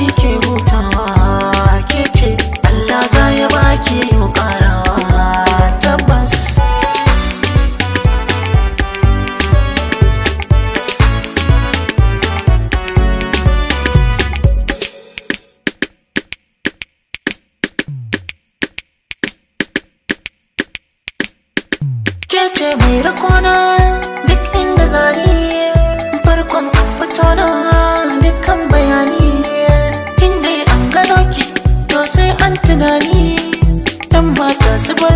shi ke hutawa ke ce Allah za ya baki yau karawa tabbas ke ce mai rakona duk inda zani farkon abu tonon tunani dan mata su ba